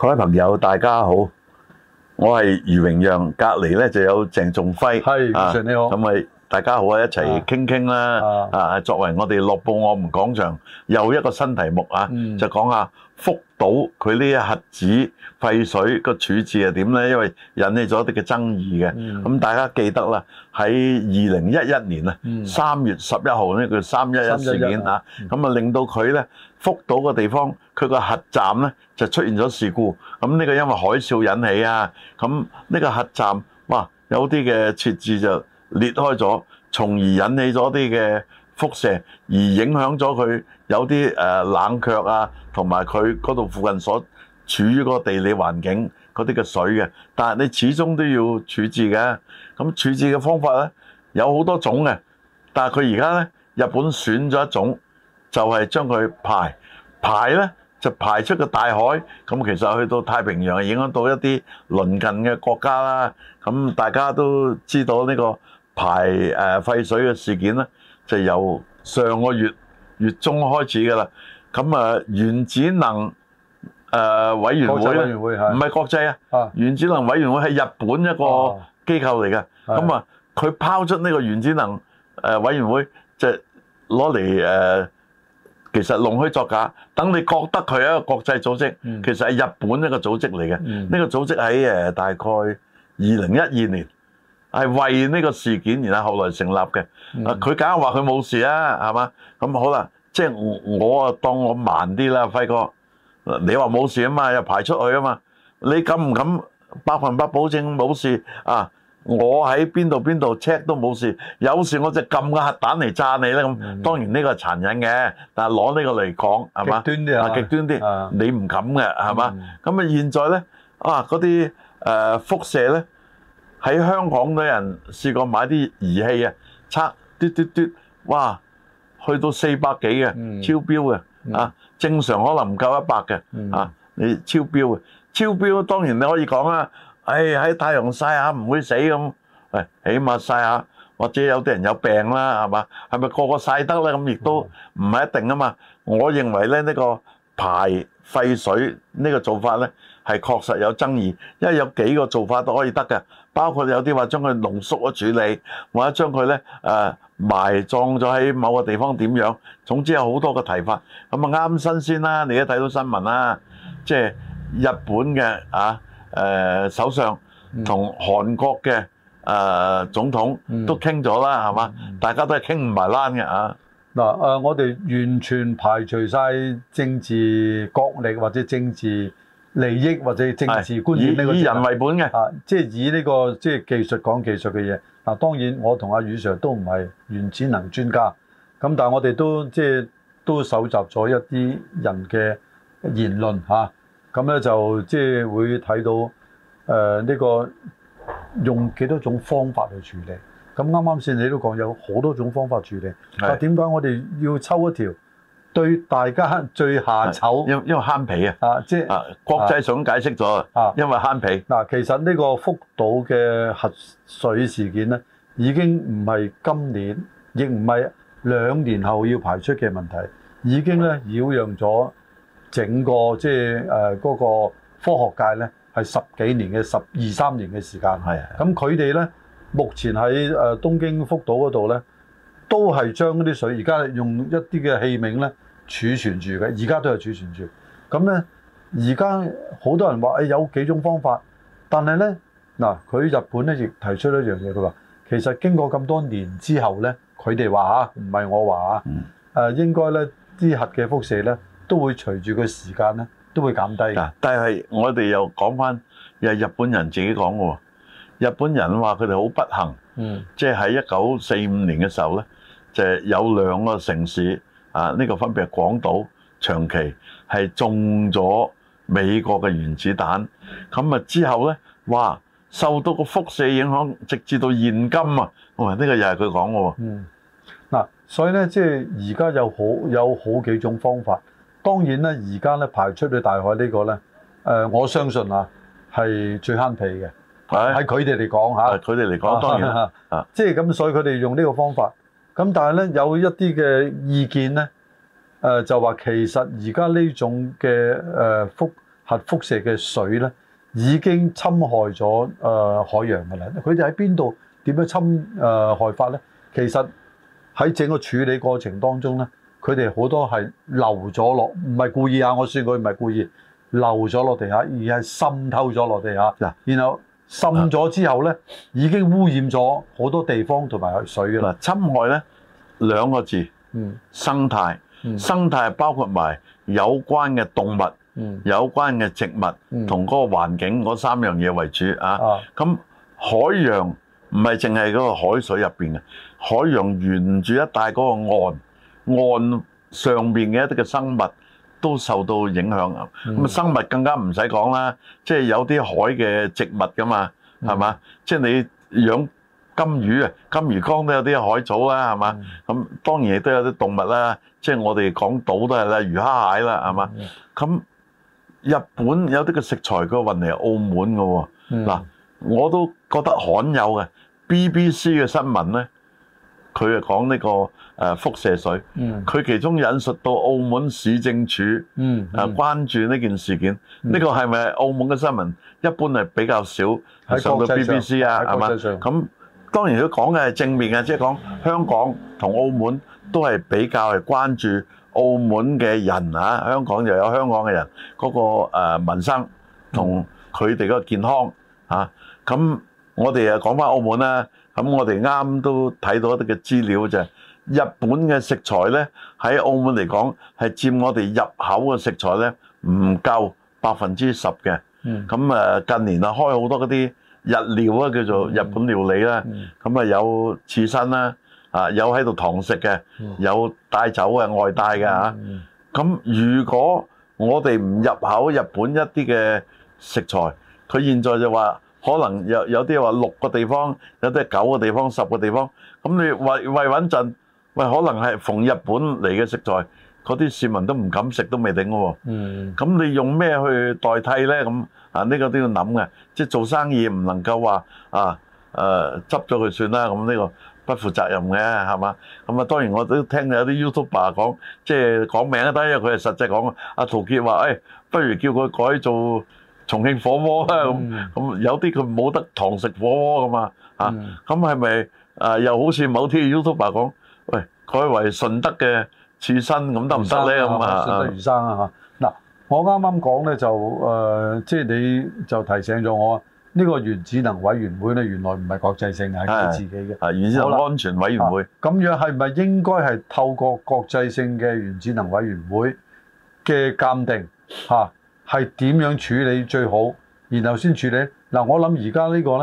各位朋友，大家好，我係余榮讓，隔離就有鄭仲輝。係，余、啊、你好大家好啊！一齊傾傾啦啊！作為我哋《樂報我們講場》又一個新題目啊，就講下福島佢呢一核子廢水個處置係點咧？因為引起咗啲嘅爭議嘅。咁大家記得啦，喺二零一一年啊，三月十一號咧，佢三一一事件啊，咁啊令到佢咧福島個地方佢個核站咧就出現咗事故。咁呢個因為海嘯引起啊，咁呢個核站哇有啲嘅設置就～裂開咗，從而引起咗啲嘅輻射，而影響咗佢有啲冷卻啊，同埋佢嗰度附近所處於個地理環境嗰啲嘅水嘅。但係你始終都要處置嘅。咁處置嘅方法咧，有好多種嘅。但係佢而家咧，日本選咗一種，就係將佢排排咧，就排出個大海。咁其實去到太平洋，影響到一啲鄰近嘅國家啦。咁大家都知道呢個。排誒廢、呃、水嘅事件咧，就由上個月月中開始㗎啦。咁啊，原子能誒、呃、委員會委員會咧，唔係國際啊，啊，原子能委員會係日本一個機構嚟嘅。咁、哦、啊，佢拋出呢個原子能誒、呃、委員會，即係攞嚟誒，其實弄虛作假。等你覺得佢係一個國際組織，嗯、其實係日本一個組織嚟嘅。呢、嗯這個組織喺誒、呃、大概二零一二年。係為呢個事件，然後後來成立嘅。啊，佢梗係話佢冇事啦，係嘛？咁好啦，即係我啊，當我慢啲啦，輝哥。你話冇事啊嘛，又排出去啊嘛。你敢唔敢百分百保證冇事啊？我喺邊度邊度 check 都冇事，有事我就撳個核彈嚟炸你啦咁。當然呢個係殘忍嘅，但係攞呢個嚟講係嘛？極端啲啊！極端啲，你唔敢嘅係嘛？咁啊，現在咧啊，嗰啲誒輻射咧。喺香港嘅人試過買啲儀器啊，測嘟嘟嘟，哇，去到四百幾嘅，超標嘅、嗯、啊、嗯，正常可能唔夠一百嘅啊，你超標嘅，超標當然你可以講啦，誒、哎、喺太陽曬下唔會死咁、哎，起碼曬下，或者有啲人有病啦，係嘛？係咪個個曬得咧？咁亦都唔係一定啊嘛。我認為咧呢、呢個排廢水呢個做法咧係確實有爭議，因為有幾個做法都可以得嘅。包括有啲話將佢濃縮咗處理，或者將佢咧誒埋葬咗喺某個地方點樣？總之有好多個提法。咁啊啱新鮮啦，你都睇到新聞啦，即、就、係、是、日本嘅啊誒首相同韓國嘅誒、啊、總統都傾咗啦，係、嗯、嘛？大家都係傾唔埋欄嘅啊！嗱、啊、誒，我哋完全排除晒政治國力或者政治，利益或者政治觀點呢個以人為本嘅、啊，即係以呢、這個即係技術講技術嘅嘢。嗱、啊、當然我同阿宇 sir 都唔係原子能專家，咁但係我哋都即係都搜集咗一啲人嘅言論嚇，咁、啊、咧就即係會睇到誒呢、呃這個用幾多種方法去處理。咁啱啱先你都講有好多種方法處理，但係點解我哋要抽一條？最大家最下醜，因因為慳皮啊！啊，即、就、係、是、啊，國際上解釋咗啊，因為慳皮。嗱、啊，其實呢個福島嘅核水事件咧，已經唔係今年，亦唔係兩年後要排出嘅問題，已經咧擾攘咗整個即係誒嗰個科學界咧，係十幾年嘅十二三年嘅時間。係。咁佢哋咧，目前喺誒東京福島嗰度咧，都係將啲水而家用一啲嘅器皿咧。儲存住嘅，而家都係儲存住。咁咧，而家好多人話，誒、哎、有幾種方法。但係咧，嗱，佢日本咧亦提出了一樣嘢，佢話其實經過咁多年之後咧，佢哋話嚇，唔係我話啊，誒、嗯、應該咧啲核嘅輻射咧都會隨住個時間咧都會減低。但係我哋又講翻，又係日本人自己講嘅喎。日本人話佢哋好不幸，即係喺一九四五年嘅時候咧，就係、是、有兩個城市。啊！呢個分別係廣島長期係中咗美國嘅原子彈，咁啊之後咧，哇，受到個輻射影響，直至到現今啊，哇！呢個又係佢講嘅喎。嗯，嗱、啊，所以咧，即係而家有好有好幾種方法。當然咧，而家咧排出去大海呢個咧，誒、呃，我相信啊，係最慳皮嘅。喺佢哋嚟講嚇，佢哋嚟講當然啊，啊，啊，即係咁，所以佢哋用呢個方法。咁但係咧有一啲嘅意見咧，誒就話其實而家呢種嘅誒輻核輻射嘅水咧，已經侵害咗誒海洋㗎啦。佢哋喺邊度點樣侵誒害法咧？其實喺整個處理過程當中咧，佢哋好多係流咗落，唔係故意啊！我算佢唔係故意流咗落地下，而係滲透咗落地下。嗱，然後滲咗之後呢，已經污染咗好多地方同埋水㗎喇。侵害呢兩個字，嗯，生態，生態包括埋有關嘅動物，嗯，有關嘅植物，嗯，同嗰個環境嗰三樣嘢為主啊。咁海洋唔係淨係嗰個海水入邊嘅，海洋沿住一帶嗰個岸，岸上邊嘅一啲嘅生物，都受到影響啊！咁生物更加唔使講啦，即係有啲海嘅植物噶嘛，係嘛？即係你養金魚啊，金魚缸都有啲海藻啦，係嘛？咁當然亦都有啲動物啦，即係我哋講島都係啦，魚蝦蟹啦，係嘛？咁日本有啲個食材佢運嚟澳門嘅喎，嗱我都覺得罕有嘅 BBC 嘅新聞咧。佢啊講呢個誒輻射水，佢其中引述到澳門市政署，誒關注呢件事件，嗯，呢、嗯嗯這個係咪澳門嘅新聞？一般係比較少喺 BBC 喺港上。咁當然佢講嘅係正面嘅，即、就、係、是、講香港同澳門都係比較係關注澳門嘅人嚇、啊，香港又有香港嘅人嗰、那個民生同佢哋嗰個健康嚇、啊。咁我哋啊講翻澳門啦、啊。咁我哋啱都睇到一啲嘅資料，就係日本嘅食材呢，喺澳門嚟講係佔我哋入口嘅食材呢，唔夠百分之十嘅。咁誒近年啊開好多嗰啲日料啊，叫做日本料理啦，咁啊有刺身啦，啊有喺度堂食嘅，有帶酒嘅外帶嘅吓。咁如果我哋唔入口日本一啲嘅食材，佢現在就話。可能有有啲話六個地方，有啲係九個地方、十個地方。咁你為為穩陣，喂，可能係逢日本嚟嘅食材，嗰啲市民都唔敢食，都未定喎。嗯。咁你用咩去代替咧？咁啊，呢、呢個都要諗嘅。即做生意唔能夠話啊誒、啊、執咗佢算啦。咁呢個不負責任嘅係嘛？咁啊，當然我都聽有啲 YouTuber 講，即係講名得，因為佢係實際講。阿陶傑話、哎：不如叫佢改做。重慶火鍋啦，咁咁有啲佢冇得堂食火鍋噶嘛？嚇，咁係咪啊？又好似某啲 YouTuber 講，喂，佢為順德嘅刺身咁得唔得咧？咁啊，順德魚生啊嚇！嗱，我啱啱講咧，就誒，即係你就提醒咗我啊，呢個原子能委員會咧，原來唔係國際性，係佢自己嘅。係原子能安全委員會。咁樣係咪應該係透過國際性嘅原子能委員會嘅鑑定嚇？係點樣處理最好，然後先處理？嗱、這個，我諗而家呢個咧，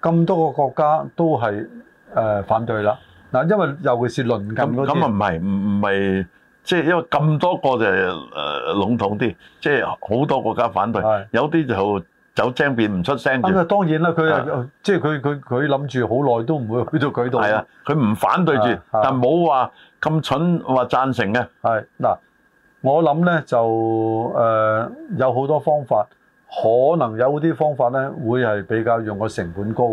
咁多個國家都係誒、呃、反對啦。嗱，因為尤其是鄰近嗰啲咁咁啊，唔係唔唔係，即係、就是、因為咁多個就誒、是、籠、呃、統啲，即係好多國家反對，有啲就走精變唔出聲。因啊，當然啦，佢啊即係佢佢佢諗住好耐都唔會去到舉動。係啊，佢唔反對住，但冇話咁蠢話贊成嘅係嗱。我諗咧就誒、呃、有好多方法，可能有啲方法咧會係比較用個成本高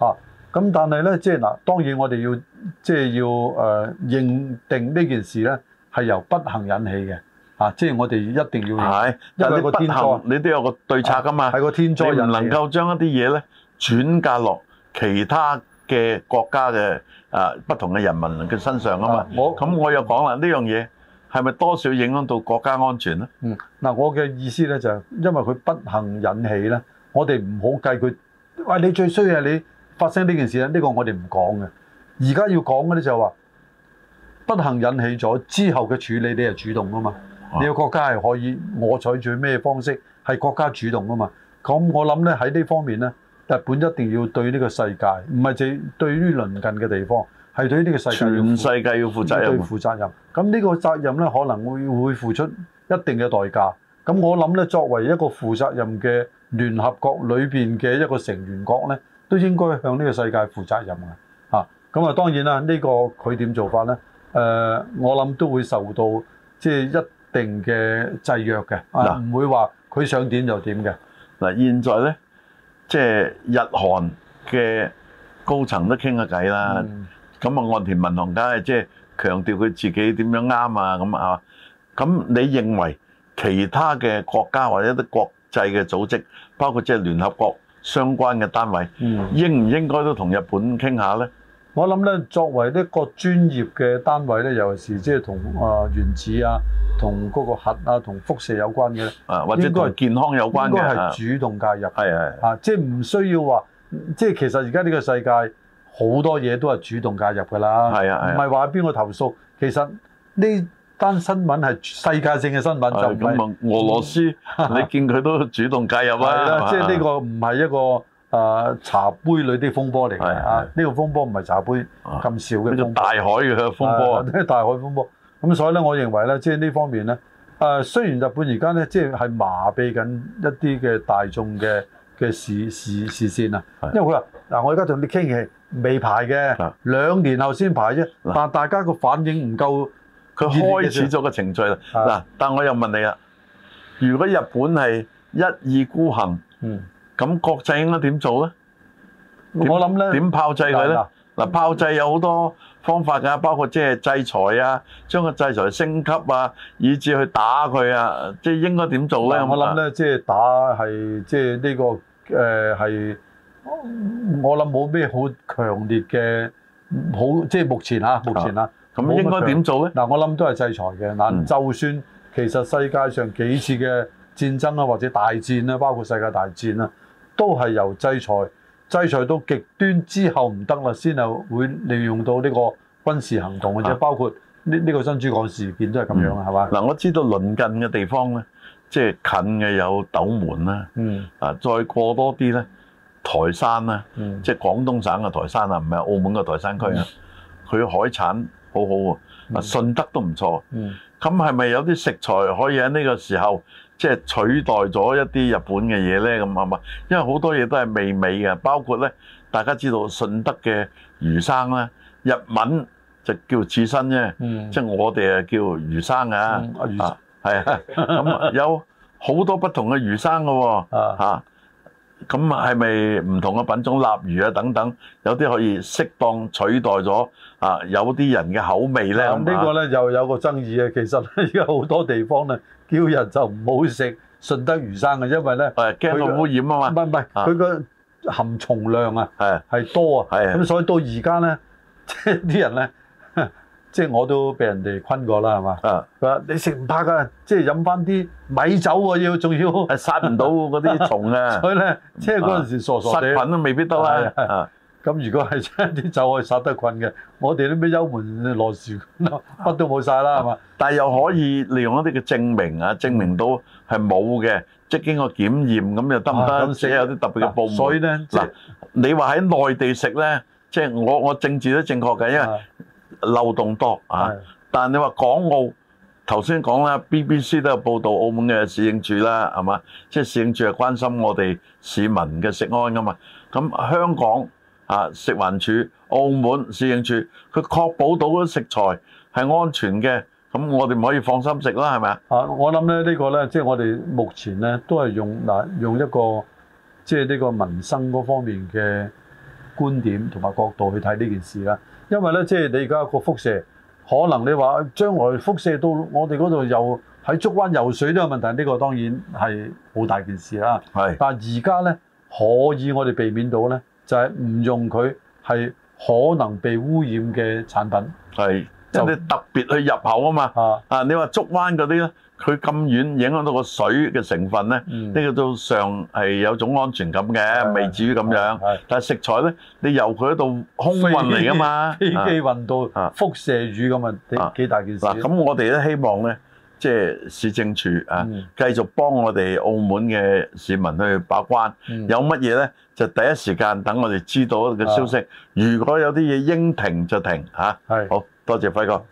嚇。咁、啊、但係咧即係嗱，當然我哋要即係要誒認定呢件事咧係由不幸引起嘅嚇、啊。即係我哋一定要係，因為你你都有個對策噶嘛。係個天災人禍，你唔能夠將一啲嘢咧轉嫁落其他嘅國家嘅啊不同嘅人民嘅身上啊嘛。啊我咁我又講啦呢樣嘢。係咪多少影響到國家安全呢？嗯，嗱，我嘅意思呢，就係因為佢不幸引起呢。我哋唔好計佢。喂，你最衰係你發生呢件事呢，呢個我哋唔講嘅。而家要講嘅呢，就係話不幸引起咗之後嘅處理，你係主動噶嘛？你個國家係可以我採取咩方式？係國家主動噶嘛？咁我諗呢喺呢方面呢，日本一定要對呢個世界，唔係對對於鄰近嘅地方。係對呢個世界，全世界要負對負責任，咁呢個責任咧可能會會付出一定嘅代價。咁我諗咧，作為一個負責任嘅聯合國裏邊嘅一個成員國呢，都應該向呢個世界負責任嘅。啊，咁啊當然啦，呢、呢個佢點做法呢？誒、呃，我諗都會受到即係一定嘅制約嘅，唔、啊、會話佢想點就點嘅。嗱，現在呢，即、就、係、是、日韓嘅高層都傾下偈啦。嗯咁啊，岸田文雄家即係強調佢自己點樣啱啊咁啊，咁你認為其他嘅國家或者啲國際嘅組織，包括即係聯合國相關嘅單位，應唔應該都同日本傾下咧？我諗咧，作為一個專業嘅單位咧，尤其是即係同啊原子啊、同嗰個核啊、同輻射有關嘅，啊，或者都係健康有關嘅，應該係主動介入，係係啊，即係唔需要話，即係其實而家呢個世界。好多嘢都係主動介入㗎啦，唔係話邊個投訴，啊、其實呢單新聞係世界性嘅新聞，啊、就唔係俄羅斯，嗯、你見佢都主動介入啦，即係呢個唔係一個、啊、茶杯裏啲風波嚟嘅啊，呢、啊呢個風波唔係茶杯咁小嘅呢個大海嘅風波啊，大海風波，咁、啊嗰個、 所以咧，我認為咧，即係呢方面咧，誒、啊、雖然日本而家咧，即、就、係、係、麻痹緊一啲嘅大眾嘅。嘅時時時限啊，因為佢話嗱，我而家同你傾嘅未排嘅，兩年後先排啫。但大家個反應唔夠，佢開始咗個程序啦。嗱，但我又問你啦，如果日本係一意孤行，咁、嗯、國際應該點做咧？我諗咧點炮製佢咧？嗱，炮製有好多。方法㗎，包括即係制裁啊，將個制裁升級啊，以至去打佢啊，即係應該點做咧？我諗咧，即係打係即係呢個誒係、呃，我諗冇咩好強烈嘅，好即係、就是、目前啊，目前啊，咁應該點做咧？嗱，我諗都係制裁嘅嗱，就算其實世界上幾次嘅戰爭啊，或者大戰啊，包括世界大戰啊，都係由制裁。制裁到極端之後唔得啦，先係會利用到呢個軍事行動，或、啊、者包括呢呢個珍珠港事件都係咁樣啊，係、嗯、嘛？嗱、嗯，我知道鄰近嘅地方咧，即係近嘅有斗門啦，啊、嗯，再過多啲咧，台山啦、嗯，即係廣東省嘅台山啊，唔係澳門嘅台山區啊，佢、嗯、海產很好好喎，啊、嗯，順德都唔錯，咁係咪有啲食材可以喺呢個時候？即係取代咗一啲日本嘅嘢咧，咁啊嘛，因為好多嘢都係味美嘅，包括咧，大家知道順德嘅魚生呢，日文就叫刺身啫、嗯，即係我哋啊叫魚生啊，魚生、係、嗯、啊，咁、啊 嗯、有好多不同嘅魚生㗎、啊、喎， 啊咁係咪唔同嘅品種鯪魚啊等等，有啲可以適當取代咗啊？有啲人嘅口味咧，咁、嗯這個、呢個咧又有，有個爭議嘅。其實而家好多地方咧，叫人就唔好食順德魚生嘅，因為咧，誒、啊、驚污染啊嘛。唔係唔係，佢個含重量啊係多啊，咁所以到而家咧，即係啲人咧。即係我都被人哋困過啦，係嘛？啊！佢話你食唔怕㗎，即係飲翻啲米酒喎，要仲要係殺唔到嗰啲蟲啊！所以咧，即係嗰陣時傻傻地殺菌都未必得啦。咁如果係真啲酒可以殺得菌嘅，我哋啲咩幽門螺旋菌乜都冇曬啦，係嘛？但係又可以利用一啲嘅證明啊，證明到係冇嘅，即係經過檢驗咁又得唔得？咁寫有啲特別嘅報。所以咧嗱，你話喺內地食咧，即係我我政治都正確嘅，因為。漏洞多啊，但係你話港澳頭先講啦，BBC 都有報道澳門嘅市政處啦，係嘛？即係市政處係關心我哋市民嘅食安噶嘛？咁香港啊食環署、澳門市政處，佢確保到嗰食材係安全嘅，咁我哋唔可以放心食啦，係咪啊？啊，我諗咧呢個咧，即係我哋目前咧都係用嗱用一個即係呢個民生嗰方面嘅。觀點同埋角度去睇呢件事啦，因為呢，即係你而家個輻射，可能你話將來輻射到我哋嗰度又喺竹灣游水都有問題，呢個當然係好大件事啦。係，但係而家呢，可以我哋避免到呢，就係唔用佢係可能被污染嘅產品。係。即係特別去入口啊嘛！啊，你話竹灣嗰啲咧，佢咁遠影響到個水嘅成分咧，呢個都尚係有種安全感嘅，未至於咁樣。但係食材咧，你由佢嗰度空運嚟㗎嘛，飛機運到輻射魚咁啊，幾大件事。嗱，咁我哋都希望咧，即係市政署啊，繼續幫我哋澳門嘅市民去把關。有乜嘢咧，就第一時間等我哋知道嘅消息。如果有啲嘢應停就停嚇，好。多謝輝哥。